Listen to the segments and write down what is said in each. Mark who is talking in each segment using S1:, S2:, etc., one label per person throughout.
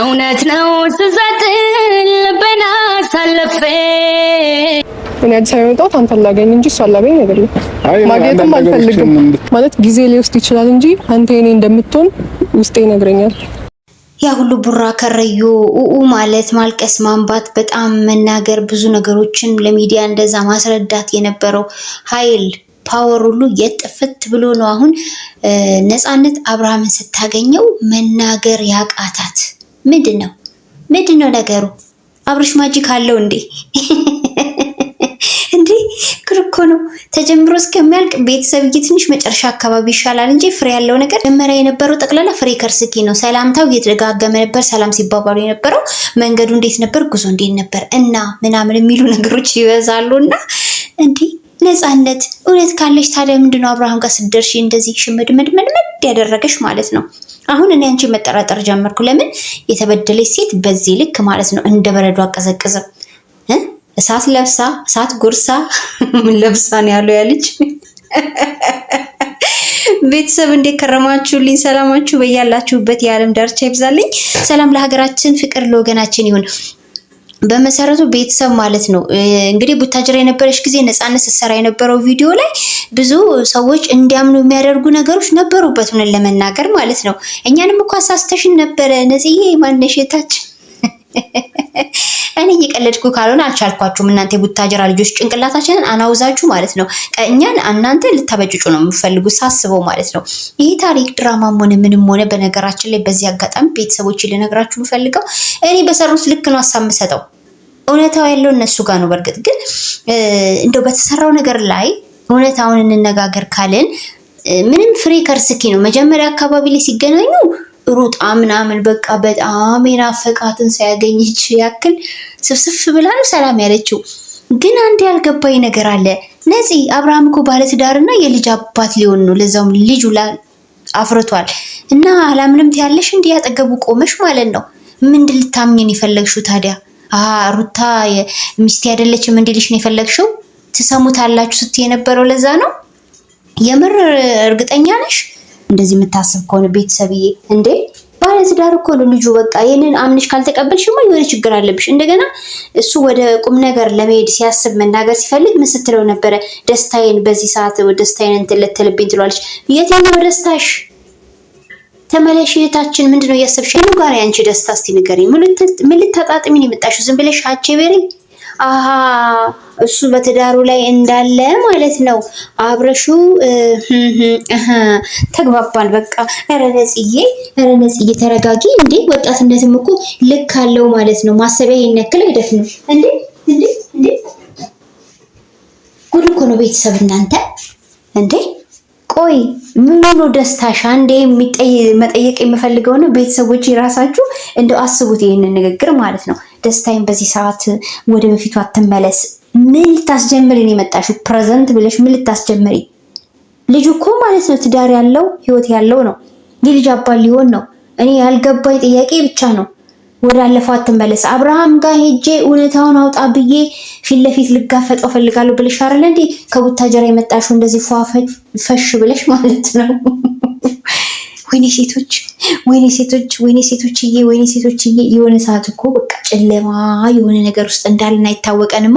S1: እውነት ነው ስዛጥን ልቤን አሳልፌ እኔ አዲስ አበባ የመጣሁት አንተን ላገኝ እንጂ እሷን ላገኝ አይደለም። ማግኘትም አልፈልግም ማለት ጊዜ ሊወስድ ይችላል እንጂ አንተ የኔ እንደምትሆን ውስጤ ይነግረኛል።
S2: ያ ሁሉ ቡራ ከረዩ ኡኡ ማለት ማልቀስ፣ ማንባት፣ በጣም መናገር፣ ብዙ ነገሮችን ለሚዲያ እንደዛ ማስረዳት የነበረው ኃይል ፓወር ሁሉ የት ጥፍት ብሎ ነው አሁን ነፃነት አብርሃምን ስታገኘው መናገር ያቃታት ምንድን ነው ምንድን ነው ነገሩ አብርሽ ማጂክ አለው እንዴ እንዴ ክርኮ ነው ተጀምሮ እስከሚያልቅ ቤተሰብዬ ትንሽ መጨረሻ አካባቢ ይሻላል እንጂ ፍሬ ያለው ነገር መጀመሪያ የነበረው ጠቅላላ ፍሬ ከርስኪ ነው። ሰላምታው እየተደጋገመ ነበር። ሰላም ሲባባሉ የነበረው መንገዱ እንዴት ነበር፣ ጉዞ እንዴት ነበር እና ምናምን የሚሉ ነገሮች ይበዛሉ እና እንዴ? ነፃነት እውነት ካለች ታዲያ ምንድነው አብርሃም ጋር ስደርሺ እንደዚህ ሽምድ ምድምድምድ ያደረገሽ ማለት ነው? አሁን እኔ አንቺ መጠራጠር ጀመርኩ። ለምን የተበደለች ሴት በዚህ ልክ ማለት ነው እንደ በረዶ አቀዘቅዝም እሳት ለብሳ እሳት ጎርሳ ምን ለብሳ ነው ያለው ያለች ልጅ። ቤተሰብ እንዴት ከረማችሁልኝ? ሰላማችሁ በያላችሁበት የዓለም ዳርቻ ይብዛልኝ። ሰላም ለሀገራችን፣ ፍቅር ለወገናችን ይሁን። በመሰረቱ ቤተሰብ ማለት ነው። እንግዲህ ቡታጅራ የነበረች ጊዜ ነፃነት ስትሰራ የነበረው ቪዲዮ ላይ ብዙ ሰዎች እንዲያምኑ የሚያደርጉ ነገሮች ነበሩበት፣ ሆነን ለመናገር ማለት ነው። እኛንም እኮ አሳስተሽን ነበረ ማነሽ የታች እኔ እየቀለድኩ ካልሆነ አልቻልኳችሁም። እናንተ የቡታጀራ ልጆች ጭንቅላታችንን አናውዛችሁ ማለት ነው። እኛን እናንተ ልታበጭጩ ነው የምፈልጉ ሳስበው ማለት ነው። ይህ ታሪክ ድራማም ሆነ ምንም ሆነ በነገራችን ላይ በዚህ አጋጣሚ ቤተሰቦች ልነግራችሁ የምፈልገው እኔ በሰሩት ልክ ነው ሀሳብ የምሰጠው። እውነታው ያለው እነሱ ጋር ነው። በእርግጥ ግን እንደው በተሰራው ነገር ላይ እውነታውን እንነጋገር ካልን ምንም ፍሬ ከርስኪ ነው። መጀመሪያ አካባቢ ላይ ሲገናኙ ሩጣ ምናምን በቃ በጣም የናፈቃትን ሳያገኘች ያክል ስብስፍ ብላ ነው ሰላም ያለችው። ግን አንድ ያልገባኝ ነገር አለ። ነፂ አብርሃም እኮ ባለትዳርና የልጅ አባት ሊሆን ነው፣ ለዛውም ልጁ አፍርቷል። እና አላምንም ትያለሽ? እንዲህ ያጠገቡ ቆመሽ ማለት ነው። ምንድን ልታምኝን የፈለግሽው ታዲያ? ሩታ ሚስት አይደለችም እንዲልሽ ነው የፈለግሽው? ትሰሙታላችሁ ስትይ የነበረው ለዛ ነው። የምር እርግጠኛ ነሽ? እንደዚህ የምታስብ ከሆነ ቤተሰብዬ፣ እንዴ ባለትዳር እኮ ነው ልጁ። በቃ ይህንን አምነሽ ካልተቀበልሽማ የሆነ ችግር አለብሽ። እንደገና እሱ ወደ ቁም ነገር ለመሄድ ሲያስብ መናገር ሲፈልግ ምን ስትለው ነበረ? ደስታዬን በዚህ ሰዓት ደስታዬን እንትን ለተልብኝ ትሏለች። የትኛው ደስታሽ? ተመለሽ እህታችን። ምንድን እያሰብሽ? ምኑ ጋር ያንቺ ደስታ? እስቲ ንገሪኝ። ምን ልታጣጥሚ ነው የመጣሽው? ዝም ብለሽ በሬ አሀ እሱ በትዳሩ ላይ እንዳለ ማለት ነው። አብረሹ ተግባባን። በቃ ኧረ ነጽዬ፣ ኧረ ነጽዬ ተረጋጊ እንዴ! ወጣትነትም እኮ ልክ አለው ማለት ነው። ማሰቢያ ይሄን ያክል ነው እንዴ! እንዴ! እንዴ! ጉድ እኮ ነው ቤተሰብ እናንተ እንዴ! ቆይ ምኑ ነው ደስታሽ? አንዴ መጠየቅ የምፈልገው ነው። ቤተሰቦች ራሳችሁ እንደው አስቡት ይህንን ንግግር ማለት ነው። ደስታይን በዚህ ሰዓት ወደ በፊቱ አትመለስ። ምን ልታስጀምሪ ነው የመጣሽው? ፕሬዘንት ብለሽ ምን ልታስጀምሪ? ልጁ እኮ ማለት ነው ትዳር ያለው ህይወት ያለው ነው። የልጅ አባት ሊሆን ነው። እኔ ያልገባኝ ጥያቄ ብቻ ነው። ወደ አለፈው አትመለስ። አብርሃም ጋር ሄጄ እውነታውን አውጣ ብዬ ፊት ለፊት ልጋፈጠው ፈልጋለሁ ብለሽ አይደለ እንዴ ከቡታጀራ የመጣሽው? እንደዚህ ፏፈሽ ብለሽ ማለት ነው። ወይኔ ሴቶች፣ ወይኔ ሴቶች፣ ወይኔ ሴቶችዬ፣ ወይኔ ሴቶችዬ። የሆነ ሰዓት እኮ በቃ ጨለማ የሆነ ነገር ውስጥ እንዳልን አይታወቀንማ።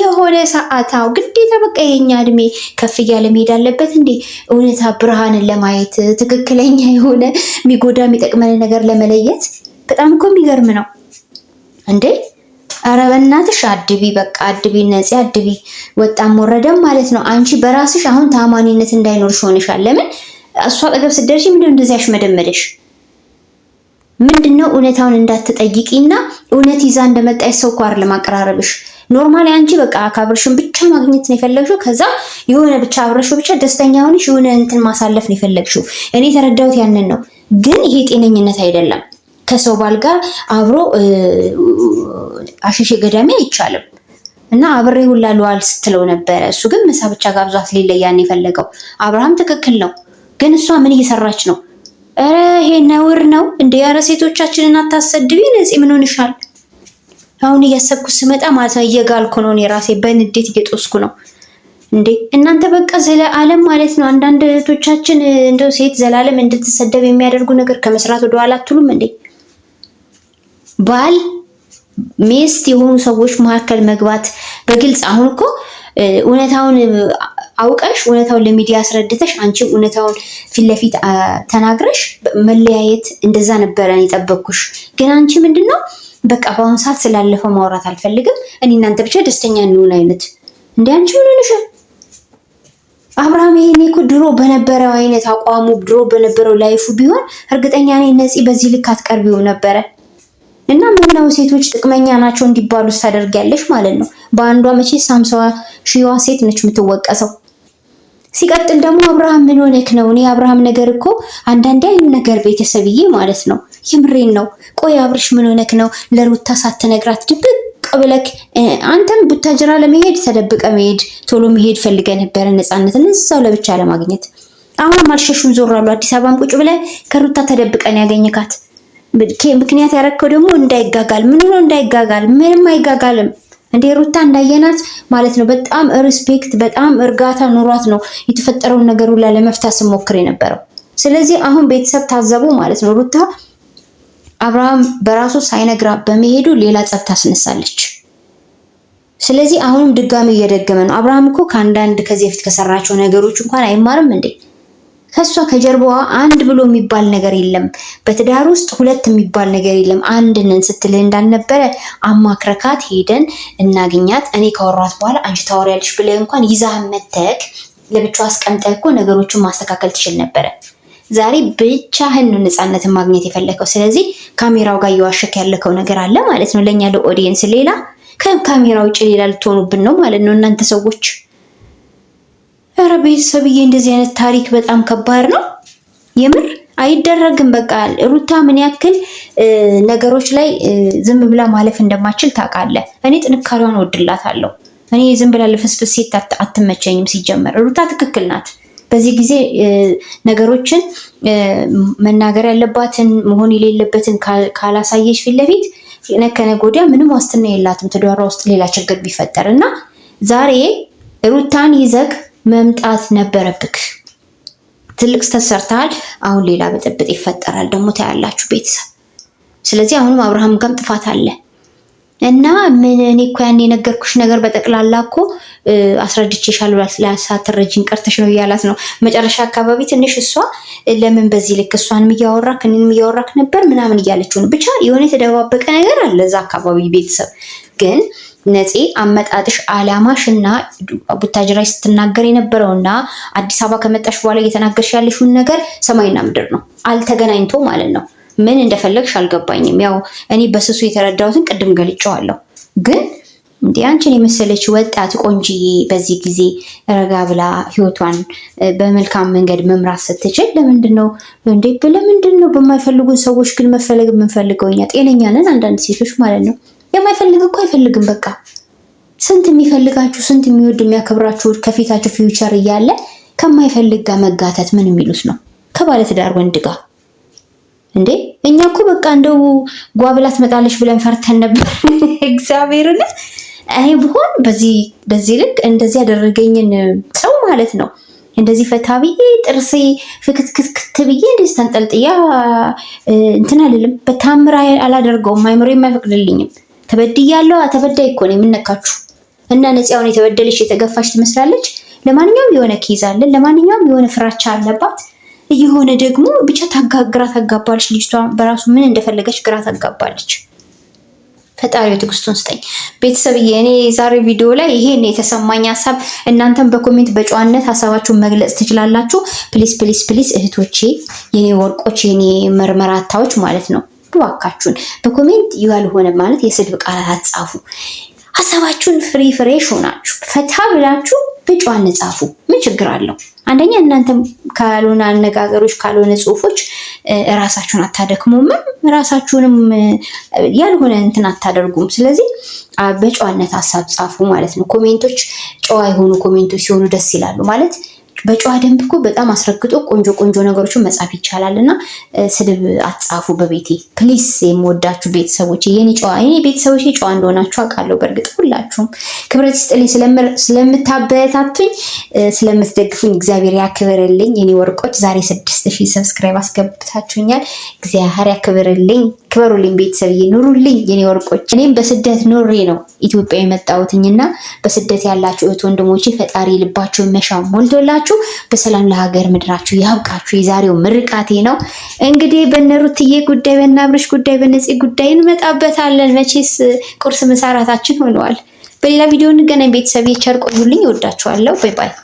S2: የሆነ ሰዓት አው ግዴታ በቃ የኛ እድሜ ከፍ እያለ መሄድ አለበት እንዴ እውነታ ብርሃንን ለማየት ትክክለኛ የሆነ የሚጎዳ የሚጠቅመን ነገር ለመለየት። በጣም እኮ የሚገርም ነው እንዴ ኧረ በእናትሽ አድቢ፣ በቃ አድቢ፣ ነፂ አድቢ፣ ወጣም ወረደም ማለት ነው። አንቺ በራስሽ አሁን ታማኒነት እንዳይኖርሽ ሆነሻል። ለምን እሷ አጠገብ ስትደርሺ ምንድነው እንደዚህ ያሽመደመደሽ? ምንድነው እውነታውን እንዳትጠይቂና እና እውነት ይዛ እንደመጣች ሰው እኮ አይደለም አቀራረብሽ። ኖርማሊ አንቺ በቃ አካብርሽን ብቻ ማግኘት ነው የፈለግሽው። ከዛ የሆነ ብቻ አብረሽ ብቻ ደስተኛ ሆነሽ የሆነ እንትን ማሳለፍ ነው የፈለግሽው። እኔ የተረዳሁት ያንን ነው። ግን ይሄ ጤነኝነት አይደለም። ከሰው ባል ጋር አብሮ አሸሼ ገዳሜ አይቻልም እና አብሬ ሁላ ልዋል ስትለው ነበረ። እሱ ግን ምሳ ብቻ ጋብዟት ሊለይ ያን የፈለገው አብርሃም ትክክል ነው። ግን እሷ ምን እየሰራች ነው? ኧረ ይሄ ነውር ነው እንደ ኧረ ሴቶቻችንን አታሰድቢ። ነፂ ምን ሆንሻል? አሁን እያሰብኩት ስመጣ ማለት እየጋልኩ ነው ራሴ በንዴት እየጦስኩ ነው እንዴ እናንተ በቃ ስለ ዓለም ማለት ነው። አንዳንድ እህቶቻችን እንደው ሴት ዘላለም እንድትሰደብ የሚያደርጉ ነገር ከመስራት ወደኋላ አትሉም እንዴ? ባል ሚስት የሆኑ ሰዎች መካከል መግባት በግልጽ አሁን እኮ እውነታውን አውቀሽ እውነታውን ለሚዲያ አስረድተሽ አንቺም እውነታውን ፊት ለፊት ተናግረሽ መለያየት እንደዛ ነበረ የጠበቅኩሽ። ግን አንቺ ምንድን ነው በቃ በአሁኑ ሰዓት ስላለፈው ማውራት አልፈልግም፣ እኔ እናንተ ብቻ ደስተኛ እንሆን አይነት እንደ አንቺ ምን ሆነሻል? አብርሃም ይሄኔ እኮ ድሮ በነበረው አይነት አቋሙ ድሮ በነበረው ላይፉ ቢሆን እርግጠኛ ነኝ ነፂ በዚህ ልክ አትቀርቢውም ነበረ። እና ምን ነው ሴቶች ጥቅመኛ ናቸው እንዲባሉ ታደርጊያለሽ ማለት ነው። በአንዷ መቼ ሳምሳዋ ሺዋ ሴት ነች የምትወቀሰው። ሲቀጥል ደግሞ አብርሃም ምን ሆነክ ነው? እኔ አብርሃም ነገር እኮ አንዳንዴ አይነት ነገር ቤተሰብዬ ማለት ነው። የምሬን ነው። ቆይ አብርሽ ምን ሆነክ ነው? ለሩታ ሳትነግራት ድብቅ ብለክ አንተም ቡታጅራ ለመሄድ ተደብቀ መሄድ ቶሎ መሄድ ፈልገ ነበረ ነፃነትን እዛው ለብቻ ለማግኘት። አሁን አልሸሹም ዞር አሉ። አዲስ አበባም ቁጭ ብለ ከሩታ ተደብቀን ያገኘካት ምክንያት ያረከው ደግሞ እንዳይጋጋል ምን ሆኖ እንዳይጋጋል? ምንም አይጋጋልም። እንዴ ሩታ እንዳየናት ማለት ነው። በጣም ሪስፔክት፣ በጣም እርጋታ ኑሯት ነው የተፈጠረውን ነገር ሁላ ለመፍታት ስሞክር የነበረው። ስለዚህ አሁን ቤተሰብ ታዘቡ ማለት ነው። ሩታ አብርሃም በራሱ ሳይነግራ በመሄዱ ሌላ ጸብ ታስነሳለች። ስለዚህ አሁንም ድጋሚ እየደገመ ነው። አብርሃም እኮ ከአንዳንድ ከዚህ በፊት ከሰራቸው ነገሮች እንኳን አይማርም እንዴ? ከሷ ከጀርባዋ አንድ ብሎ የሚባል ነገር የለም። በትዳር ውስጥ ሁለት የሚባል ነገር የለም። አንድንን ስትልህ እንዳልነበረ አማክረካት ሄደን እናግኛት። እኔ ካወራት በኋላ አንቺ ታወሪያለሽ ብለህ እንኳን ይዛህ መተክ ለብቻ አስቀምጠህ እኮ ነገሮችን ማስተካከል ትችል ነበረ። ዛሬ ብቻህን ነው ነፃነትን ማግኘት የፈለከው። ስለዚህ ካሜራው ጋር እየዋሸክ ያለከው ነገር አለ ማለት ነው። ለእኛ ለኦዲየንስ ሌላ ከካሜራ ውጭ ሌላ ልትሆኑብን ነው ማለት ነው እናንተ ሰዎች እረ ቤተሰብዬ፣ እንደዚህ አይነት ታሪክ በጣም ከባድ ነው የምር አይደረግም። በቃ ሩታ ምን ያክል ነገሮች ላይ ዝም ብላ ማለፍ እንደማችል ታውቃለህ። እኔ ጥንካሬዋን ወድላታለሁ። እኔ ዝም ብላ ልፍስፍስ ሴት አትመቸኝም። ሲጀመር ሩታ ትክክል ናት። በዚህ ጊዜ ነገሮችን መናገር ያለባትን መሆን የሌለበትን ካላሳየች ፊት ለፊት ከነገ ወዲያ ምንም ዋስትና የላትም ትዳሯ ውስጥ ሌላ ችግር ቢፈጠር እና ዛሬ ሩታን ይዘግ መምጣት ነበረብክ። ትልቅ ስተት ሰርተሃል። አሁን ሌላ ብጥብጥ ይፈጠራል ደግሞ ታያላችሁ ቤተሰብ። ስለዚህ አሁንም አብርሃም ጋም ጥፋት አለ እና ምን እኔ እኮ ያን የነገርኩሽ ነገር በጠቅላላ እኮ አስረድቼሻለሁ ሳትረጂኝ ቀርተሽ ነው እያላት ነው። መጨረሻ አካባቢ ትንሽ እሷ ለምን በዚህ ልክ እሷንም እያወራክ እኔንም እያወራክ ነበር ምናምን እያለችው ነው። ብቻ የሆነ የተደባበቀ ነገር አለ እዛ አካባቢ ቤተሰብ ግን ነፄ አመጣጥሽ አላማሽ እና ቡታጅራይ ስትናገር የነበረው እና አዲስ አበባ ከመጣሽ በኋላ እየተናገርሽ ያለሽውን ነገር ሰማይና ምድር ነው። አልተገናኝቶ ማለት ነው። ምን እንደፈለግሽ አልገባኝም። ያው እኔ በስሱ የተረዳሁትን ቅድም ገልጨዋለሁ። ግን እንዲህ አንቺን የመሰለች ወጣት ቆንጅዬ በዚህ ጊዜ ረጋ ብላ ህይወቷን በመልካም መንገድ መምራት ስትችል ለምንድን ነው እንዴ? ለምንድን ነው በማይፈልጉን ሰዎች ግን መፈለግ የምንፈልገው እኛ ጤነኛ ነን አንዳንድ ሴቶች ማለት ነው። የማይፈልግ እኮ አይፈልግም። በቃ ስንት የሚፈልጋችሁ ስንት የሚወድ የሚያከብራችሁ ከፊታችሁ ፊውቸር እያለ ከማይፈልግ ጋር መጋተት ምን የሚሉት ነው? ከባለትዳር ወንድ ጋር እንዴ! እኛ እኮ በቃ እንደው ጓብላ ትመጣለች ብለን ፈርተን ነበር። እግዚአብሔርን እኔ ብሆን በዚህ ልክ እንደዚህ ያደረገኝን ሰው ማለት ነው እንደዚህ ፈታ ብዬ ጥርሴ ፍክትክትክት ብዬ እንደዚህ ተንጠልጥያ እንትን አልልም። በታምር አላደርገውም። አይምሮ የማይፈቅድልኝም። ተበድያለሁ። ተበዳይ እኮ ነው የምነካችሁ እና ነፂ አሁን የተበደለች የተገፋች ትመስላለች። ለማንኛውም የሆነ ኬዝ ለማንኛውም የሆነ ፍራቻ አለባት። እየሆነ ደግሞ ብቻ ግራ ታጋባለች። ልጅቷ በራሱ ምን እንደፈለገች ግራ ታጋባለች። ፈጣሪ ትዕግስቱን ስጠኝ። ቤተሰብዬ እኔ ዛሬ ቪዲዮ ላይ ይሄን የተሰማኝ ሀሳብ እናንተም በኮሜንት በጨዋነት ሀሳባችሁን መግለጽ ትችላላችሁ። ፕሊስ ፕሊስ ፕሊስ እህቶቼ፣ የኔ ወርቆች፣ የኔ መርመራታዎች ማለት ነው እባካችሁን በኮሜንት ያልሆነ ማለት የስድብ ቃላት አትጻፉ። ሀሳባችሁን ፍሪ ፍሬሽ ሆናችሁ ፈታ ብላችሁ በጨዋነት ጻፉ። ምን ችግር አለው? አንደኛ እናንተም ካልሆነ አነጋገሮች ካልሆነ ጽሁፎች ራሳችሁን አታደክሙም፣ ራሳችሁንም ያልሆነ እንትን አታደርጉም። ስለዚህ በጨዋነት ሀሳብ ጻፉ ማለት ነው። ኮሜንቶች ጨዋ የሆኑ ኮሜንቶች ሲሆኑ ደስ ይላሉ ማለት በጨዋ ደንብ እኮ በጣም አስረግጦ ቆንጆ ቆንጆ ነገሮችን መጻፍ ይቻላል። እና ስድብ አትጻፉ በቤቴ ፕሊስ። የምወዳችሁ ቤተሰቦች፣ የኔ ጨዋ የኔ ቤተሰቦች ጨዋ እንደሆናችሁ አውቃለሁ። በእርግጥ ሁላችሁም ክብረት ይስጥልኝ፣ ስለምታበታቱኝ ስለምትደግፉኝ እግዚአብሔር ያክብርልኝ። የኔ ወርቆች ዛሬ ስድስት ሺህ ሰብስክራይብ አስገብታችሁኛል። እግዚአብሔር ያክብርልኝ፣ ክበሩልኝ፣ ቤተሰብ ኑሩልኝ፣ የኔ ወርቆች። እኔም በስደት ኖሬ ነው ኢትዮጵያ እና በስደት ያላችሁ እህት ወንድሞቼ ፈጣሪ ልባቸውን መሻ ሞልቶላችሁ ሆናችሁ በሰላም ለሀገር ምድራችሁ ያብቃችሁ። የዛሬው ምርቃቴ ነው። እንግዲህ በነሩትዬ ጉዳይ፣ በናብርሽ ጉዳይ፣ በነፂ ጉዳይ እንመጣበታለን። መቼስ ቁርስ መሰራታችን ሆነዋል። በሌላ ቪዲዮ እንገናኝ። ቤተሰብ የቸር ቆዩልኝ። እወዳችኋለሁ። ባይ ባይ።